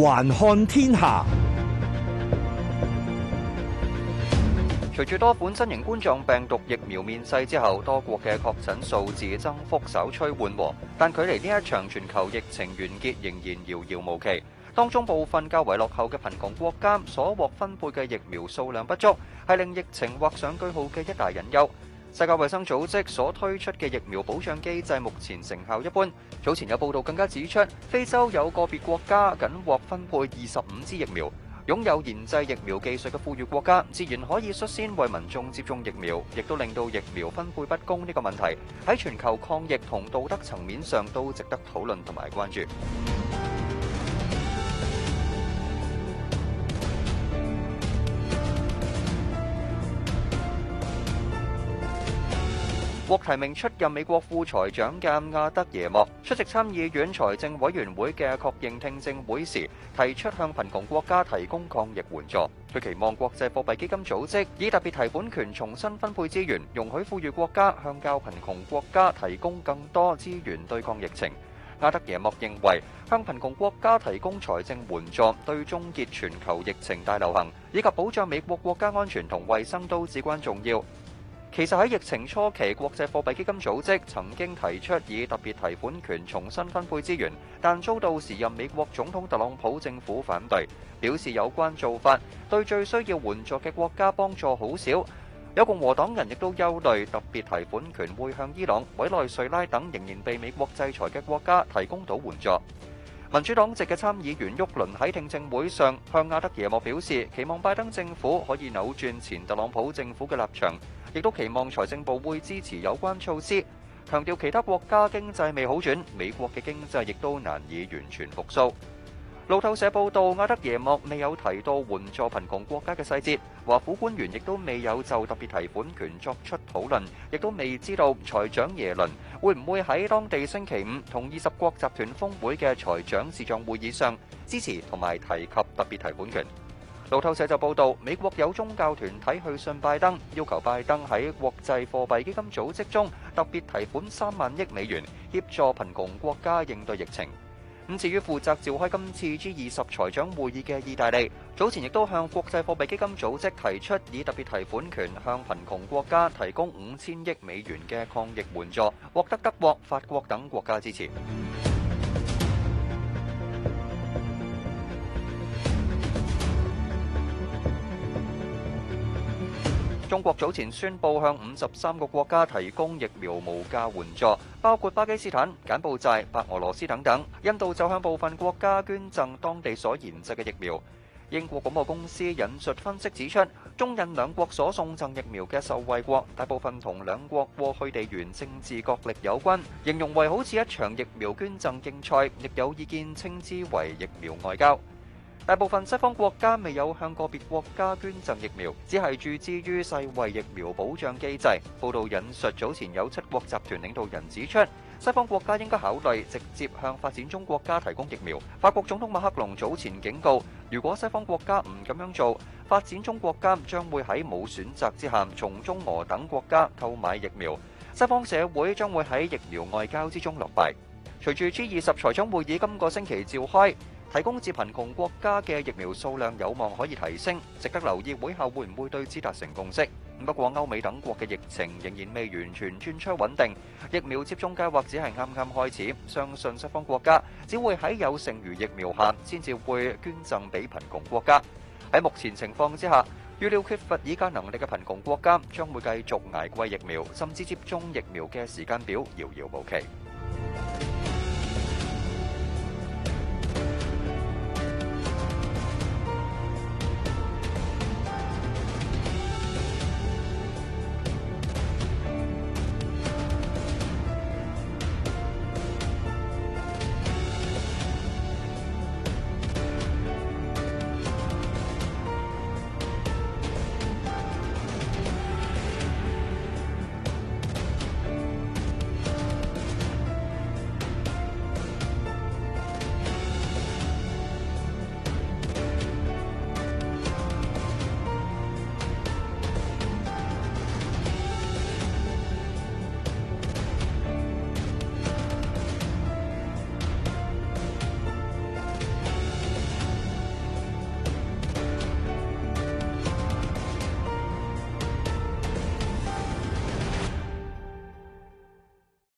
環看天下。隨住多款新型冠狀病毒疫苗面世之後，多國嘅確診數字增幅稍趨緩和，但距離呢一場全球疫情完結仍然遙遙無期。當中部分較為落後嘅貧窮國家所獲分配嘅疫苗數量不足，係令疫情畫上句號嘅一大隱憂。世界衛生組織所推出嘅疫苗保障機制，目前成效一般。早前有報道更加指出，非洲有個別國家僅獲分配二十五支疫苗。擁有研製疫苗技術嘅富裕國家，自然可以率先為民眾接種疫苗，亦都令到疫苗分配不公呢個問題，喺全球抗疫同道德層面上都值得討論同埋關注。獲提名出任美國副財長嘅阿德耶莫出席參議院財政委員會嘅確認聽證會時，提出向貧窮國家提供抗疫援助。佢期望國際貨幣基金組織以特別提款權重新分配資源，容許富裕國家向較貧窮國家提供更多資源對抗疫情。阿德耶莫認為，向貧窮國家提供財政援助對終結全球疫情大流行以及保障美國國家安全同衛生都至關重要。其實喺疫情初期，國際貨幣基金組織曾經提出以特別提款權重新分配資源，但遭到時任美國總統特朗普政府反對，表示有關做法對最需要援助嘅國家幫助好少。有共和黨人亦都憂慮特別提款權會向伊朗、委內瑞拉等仍然被美國制裁嘅國家提供到援助。民主黨籍嘅參議員沃倫喺聽證會上向阿德耶莫表示，期望拜登政府可以扭轉前特朗普政府嘅立場。亦都期望財政部會支持有關措施，強調其他國家經濟未好轉，美國嘅經濟亦都難以完全復甦。路透社報道，阿德耶莫未有提到援助貧窮國家嘅細節，華府官員亦都未有就特別提款權作出討論，亦都未知道財長耶倫會唔會喺當地星期五同二十國集團峰會嘅財長視像會議上支持同埋提及特別提款權。路透社就報導，美國有宗教團體去信拜登，要求拜登喺國際貨幣基金組織中特別提款20中國早前宣布向五十三個國家提供疫苗無價援助，包括巴基斯坦、柬埔寨、白俄羅斯等等。印度就向部分國家捐贈當地所研製嘅疫苗。英國廣播公司引述分析指出，中印兩國所送贈疫苗嘅受惠國大部分同兩國過去地緣政治角力有關，形容為好似一場疫苗捐贈競賽，亦有意見稱之為疫苗外交。大部分西方國家未有向個別國家捐贈疫苗，只係注資於世衛疫苗保障機制。報道引述早前有七國集團領導人指出，西方國家應該考慮直接向發展中國家提供疫苗。法國總統馬克龍早前警告，如果西方國家唔咁樣做，發展中國家將會喺冇選擇之下從中俄等國家購買疫苗，西方社會將會喺疫苗外交之中落敗。隨住 G 二十財長會議今個星期召開，提供至貧窮國家嘅疫苗數量有望可以提升，值得留意，會後會唔會對此達成共識。不過，歐美等國嘅疫情仍然未完全轉趨穩定，疫苗接種計劃只係啱啱開始，相信西方國家只會喺有剩餘疫苗下，先至會捐贈俾貧窮國家。喺目前情況之下，預料缺乏議價能力嘅貧窮國家將會繼續捱貴疫苗，甚至接種疫苗嘅時間表遙遙無期。